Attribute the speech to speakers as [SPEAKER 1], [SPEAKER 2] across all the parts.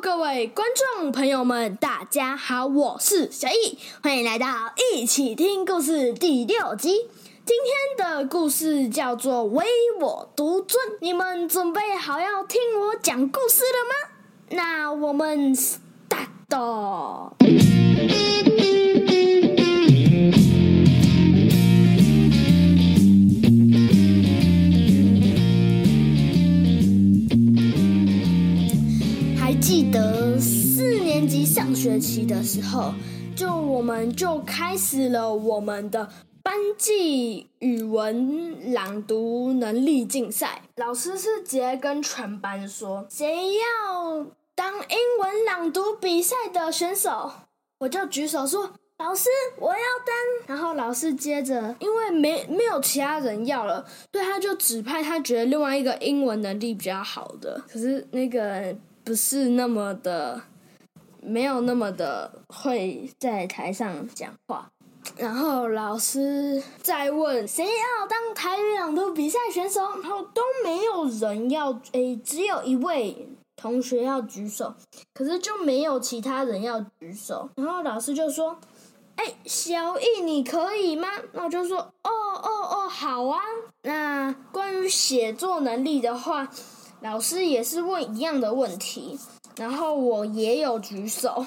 [SPEAKER 1] 各位觀眾朋友們，大家好，我是小易，歡迎來到一起聽故事第六集。今天的故事叫做《唯我獨尊》，你們準備好要聽我講故事了嗎？那我們 start 哦。 記得四年級上學期的時候，就我們就開始了我們的班際語文朗讀能力競賽。老師是直接跟全班說：“誰要當英文朗讀比賽的選手？”我就舉手說：“老師，我要當。”然後老師接着，因為沒沒有其他人要了，所以他就指派他覺得另外一個英文能力比較好的，可是那個。不是那麼的，沒有那麼的會在台上講話。然後老師再問誰要當台語朗讀比賽選手，然後都沒有人要，哎、欸，只有一位同學要舉手，可是就沒有其他人要舉手。然後老師就說：“哎、欸，小易，你可以嗎？”那我就說：“哦哦哦，好啊。”那關於寫作能力的話。老師也是問一樣的問題，然後我也有舉手。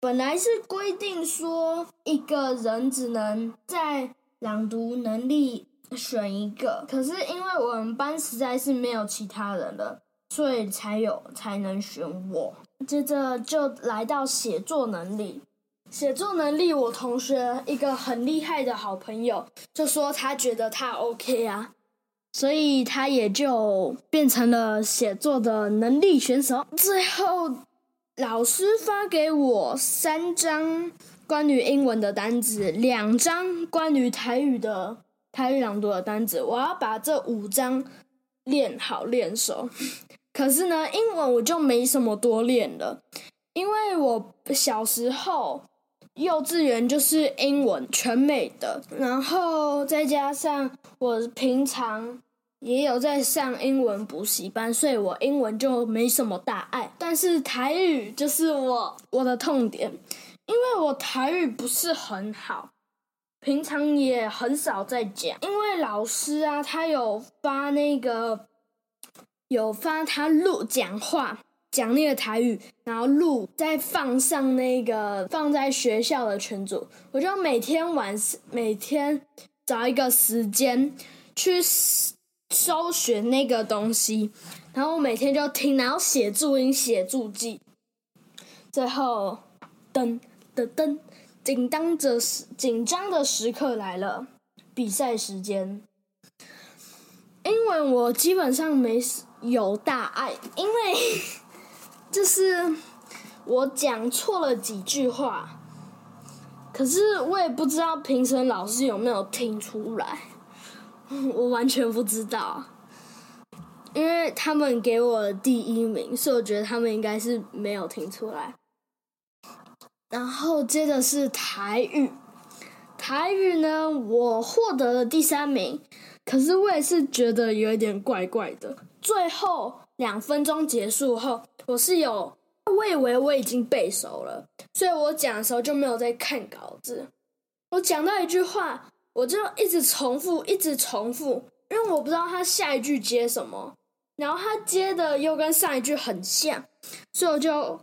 [SPEAKER 1] 本來是規定說一個人只能在朗讀能力選一個，可是因為我們班實在是沒有其他人了，所以才有才能選我。接着就來到寫作能力，寫作能力我同學一個很厲害的好朋友就說他覺得他 OK 啊。所以他也就變成了寫作的能力選手。最後，老師發給我三張關於英文的單子，兩張關於台語的台語朗讀的單子。我要把這五張練好練熟。可是呢，英文我就沒什麼多練的，因為我小時候幼稚園就是英文全美的，然後再加上我平常。也有在上英文補習班，所以我英文就沒什麼大礙。但是台語就是我我的痛點，因為我台語不是很好，平常也很少在講。因為老師啊，他有發那個有發他錄講話講那個台語，然後錄再放上那個放在學校的群組，我就每天晚上每天找一個時間去。搜尋那個東西，然後我每天就聽，然後寫注音，寫注記，最後噔噔噔，緊張的時緊張的時刻來了，比賽時間。英文我基本上沒有大礙，因為就是我講錯了幾句話，可是我也不知道評審老師有沒有聽出來。 我完全不知道，因為他們給我第一名，所以我覺得他們應該是沒有聽出來。然後接着是台語，台語呢，我獲得了第三名，可是我也是覺得有一點怪怪的。最後兩分鐘結束後，我是有，我以為我已經背熟了，所以我講的時候就沒有在看稿子。我講到一句話，我就一直重複，一直重複，因為我不知道他下一句接什麼，然後他接的又跟上一句很像，所以我就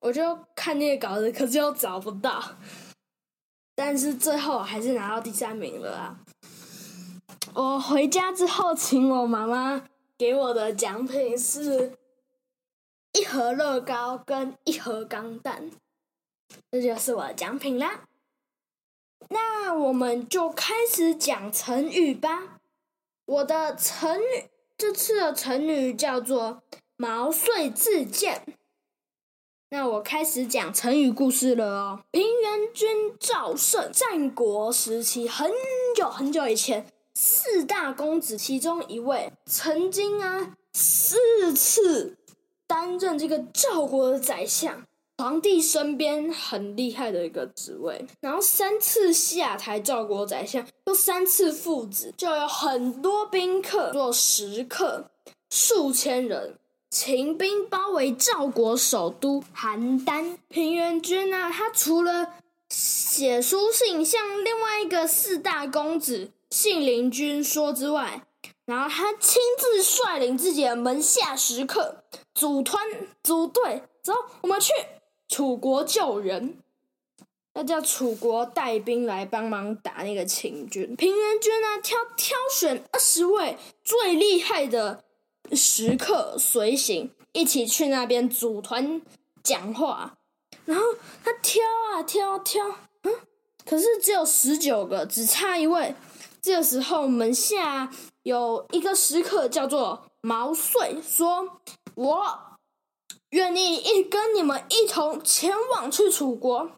[SPEAKER 1] 我就看那個稿子，可是又找不到，但是最後還是拿到第三名了啊！我回家之後，請我媽媽給我的獎品是一盒樂高跟一盒鋼彈，這就是我的獎品啦。那我們就開始講成語吧。我的成語這次的成語叫做“毛遂自薦”。那我開始講成語故事了哦。平原君趙勝，戰國時期，很久很久以前，四大公子其中一位，曾經啊四次擔任這個趙國的宰相。皇帝身邊很厲害的一個職位，然後三次下台趙國宰相，又三次復職，就有很多賓客做食客，數千人。秦兵包圍趙國首都邯鄲，平原君呢、啊，他除了寫書信向另外一個四大公子信陵君說之外，然後他親自率領自己的門下食客組團組隊，走，我們去。楚國救人，那叫楚國帶兵來幫忙打那個秦軍。平原君呢、啊，挑挑選二十位最厲害的食客隨行，一起去那邊組團講話。然後他挑啊挑啊挑，嗯，可是只有十九個，只差一位。這個時候，門下有一個食客叫做毛遂，說：“我。”願意一跟你們一同前往去楚國。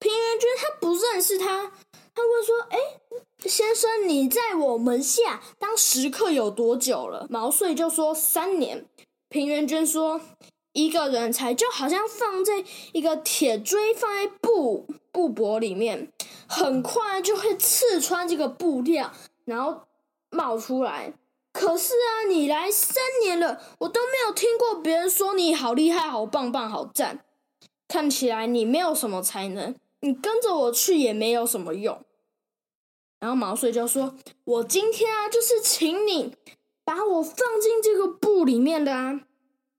[SPEAKER 1] 平原君他不認識他，他會說：“哎，先生，你在我門下當食客有多久了？”毛遂就說：“三年。”平原君說：“一個人才就好像放在一個鐵錐放在布布帛裡面，很快就會刺穿這個布料，然後冒出來。”可是啊，你來三年了，我都沒有聽過別人說你好厲害、好棒棒、好讚。看起來你沒有什麼才能，你跟着我去也沒有什麼用。然後毛遂就說：“我今天啊，就是請你把我放進這個布裡面的啊。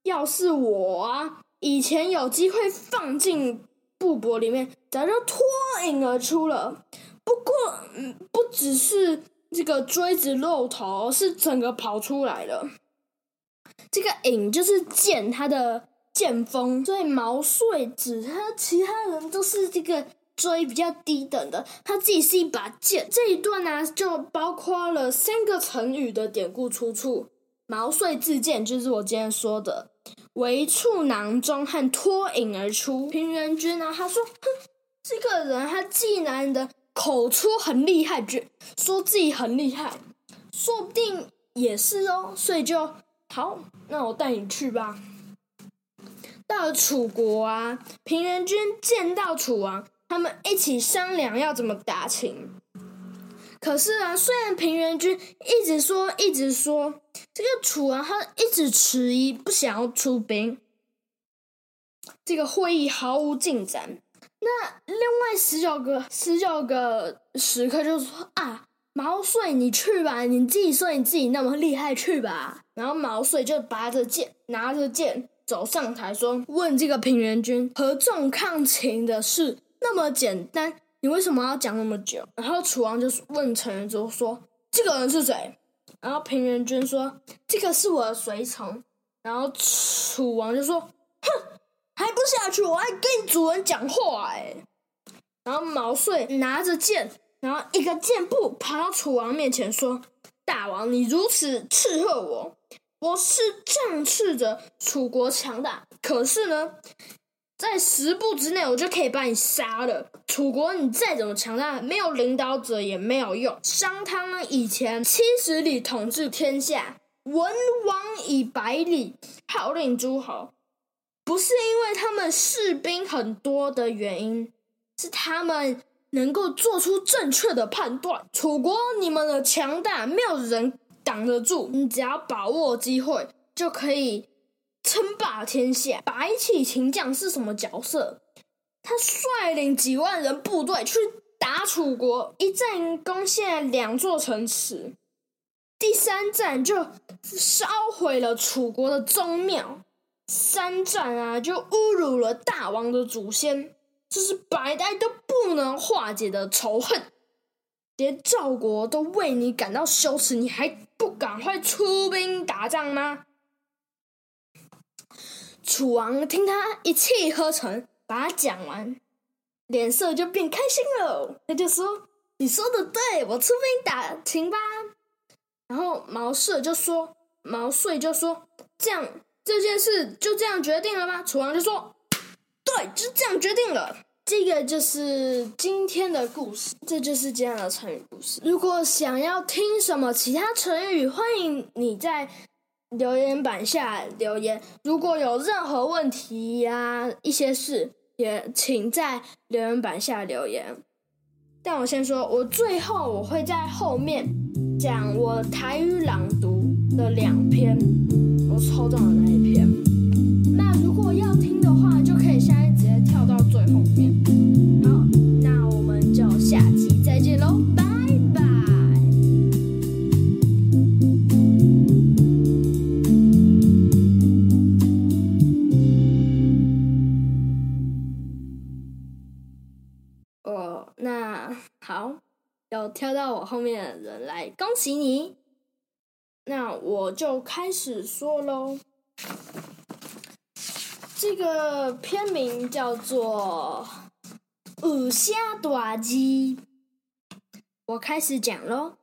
[SPEAKER 1] 要是我啊，以前有機會放進布帛裡面，早就脫穎而出了。不過，嗯，不只是……”這個錐子露頭是整個跑出來的，這個穎就是劍，它的劍鋒。所以毛遂指他其他人都是這個錐比較低等的，他自己是一把劍。這一段呢、啊、就包括了三個成語的典故出處：毛遂自薦，就是我今天說的；錐處囊中和脫穎而出。平原君呢、啊，他說：“哼，這個人他既然的。口出很厲害，就，說自己很厲害，說不定也是哦。所以就好，那我帶你去吧。到了楚國啊，平原君見到楚王，他們一起商量要怎麼打秦。可是啊，雖然平原君一直說，一直說，這個楚王他一直遲疑，不想要出兵，這個會議毫無進展。那另外十九個十九個食客就說：“啊，毛遂你去吧，你自己說你自己那麼厲害，去吧。”然後毛遂就拔着劍，拿着劍走上台，說：“問這個平原君合縱抗秦的事那麼簡單，你為什麼要講那麼久？”然後楚王就問陳餘說：“這個人是誰？”然後平原君說：“這個是我的隨從。”然後楚王就說：“哼。”還不下去！我還跟你主人講話哎、欸。然後毛遂拿着劍，然後一個箭步跑到楚王面前，說：“大王，你如此叱喝我，我是仗恃着楚國強大。可是呢，在十步之內，我就可以把你殺了。楚國你再怎麼強大，沒有領導者也沒有用。商湯呢，以前七十里統治天下；文王以百里號令諸侯。”不是因為他們士兵很多的原因，是他們能夠做出正確的判斷。楚國你們的強大，沒有人擋得住。你只要把握機會，就可以稱霸天下。白起秦將是什麼角色？他率領幾萬人部隊去打楚國，一戰攻陷兩座城池，第三戰就燒毀了楚國的宗廟。三戰啊，就侮辱了大王的祖先，這是百代都不能化解的仇恨，連趙國都為你感到羞恥，你還不趕快出兵打仗嗎？楚王聽他一氣呵成，把他講完，臉色就變開心了，他就說：“你說的對，我出兵打秦吧。”然後毛遂就說：“毛遂就說這樣。”這件事就這樣決定了嗎？楚王就說：“對，就這樣決定了。”這個就是今天的故事，這就是今天的成語故事。如果想要聽什麼其他成語，歡迎你在留言板下留言。如果有任何問題呀、啊，一些事也請在留言板下留言。但我先說，我最後我會在後面講我台語朗讀的兩篇。抽到的那一篇，那如果要聽的話，就可以現在直接跳到最後面。好，那我們就下期再見嘍，拜拜。哦，那好，有跳到我後面的人來，恭喜你。那我就開始說嘍。這個片名叫做《無聲大字》。我開始講嘍。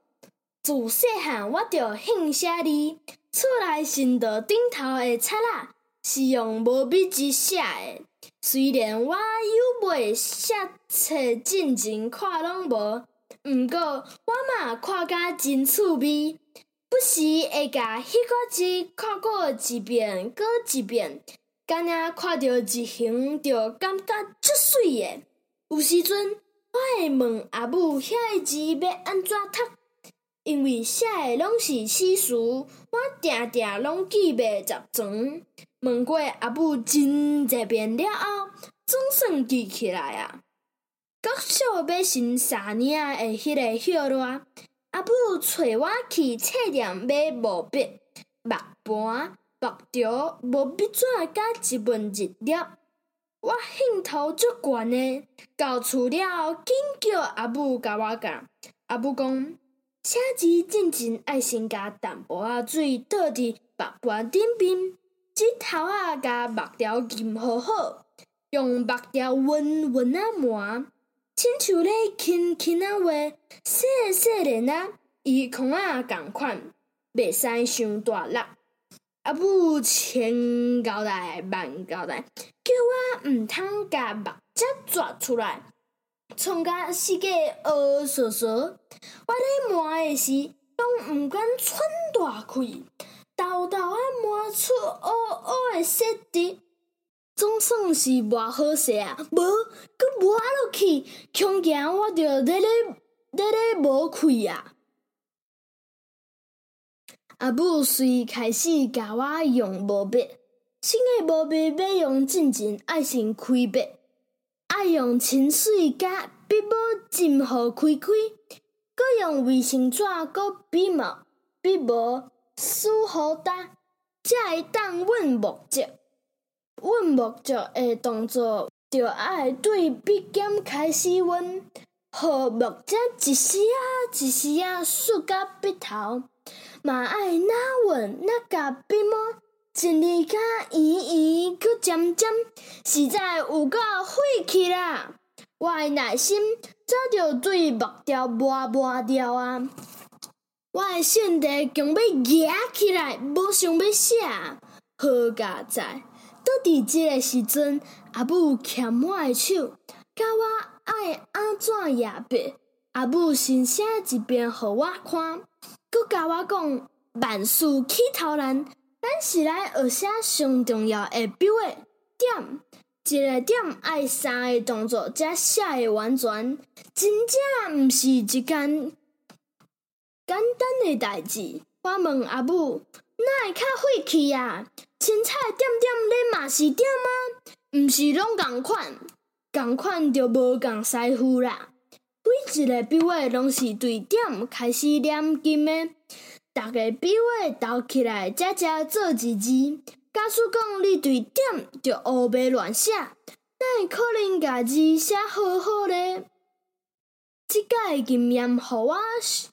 [SPEAKER 1] 自細漢我就很寫字，出來神道頂頭的冊仔是用毛筆字寫的。雖然我又未識找進前看攏無，毋過我嘛看甲真趣味。不時會甲迄個字看過一遍，擱一遍，敢若看到一行就感覺足水個。有時陣，我會問阿母遐個字要安怎讀，因為寫個攏是四書，我定定攏記袂十全。問過阿母真濟遍了後，總算記起來啊。國小要穿三領的迄個迄段。阿母找我去冊店買毛筆、墨盤、墨條、毛筆紙甲一文一粒。我興頭足懸呢，到厝了緊叫阿母甲我教。阿母講寫字進前要先加淡薄仔、啊、水倒佇墨盤頂邊，指頭仔甲墨條浸好好，用墨條勻勻啊，抹。親像咧輕輕仔話，細細咧人啊，伊空啊共款，袂使傷大力。啊，母千交代萬交代，叫我毋通甲目睭掘出來，從甲四界烏趖趖。我咧玩誒時，攏毋管喘大氣，偷偷啊玩出烏烏誒設定。總算是無好勢啊，無，佫無磨落去，恐驚我着在嘞在嘞無開啊！阿母隨開始教我用毛筆，新的毛筆要用真前愛先開筆，要用清水甲筆毛浸好開開，佫用衛生紙佫筆毛筆毛梳好噠，才會當穩墨跡。阮目條誒，動作着愛對筆尖開始，阮互目條一絲仔、啊、一絲仔縮到筆頭，嘛愛哪阮，哪夾筆毛，一日加圓圓去尖尖，實在有夠費氣啦！我誒內心早就對目條抹抹掉啊！我誒，心態強欲硬起來，無想要寫，好佳哉！佇這個時陣，阿母牽我的手，教我愛安怎寫字。阿母先寫一遍，互我看，佫教我講萬事開頭難，咱是來學寫上重要誒標誒點，一個點愛三個動作才寫會完全，真正毋是一件簡單誒代志。我問阿母，哪會較費氣啊？凊彩點點，恁嘛是點嗎、啊？毋是攏共款，共款就無共師傅啦。每一個筆畫攏是對點開始念經的，逐個筆畫倒起來才才做一字。假使講你對點就烏白亂寫，哪會可能家己寫好好咧。即屆經驗，互我學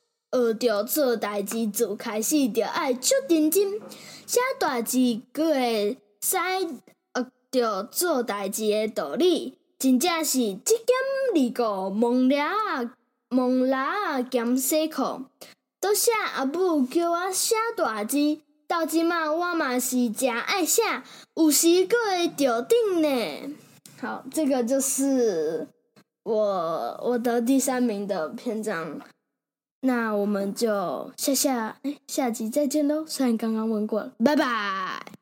[SPEAKER 1] 着做代志，就開始着愛足認真。寫大字，閣會使學着做代誌的道理，真正是積點而固，忙拉啊，忙拉啊，減細礦。多謝阿母叫我寫大字，到即馬我嘛是真愛寫，有時閣會着頂呢。好，這個就是我我得第三名的篇章。那我們就下下哎、欸、下集再見嘍！雖然剛剛問過了，拜拜。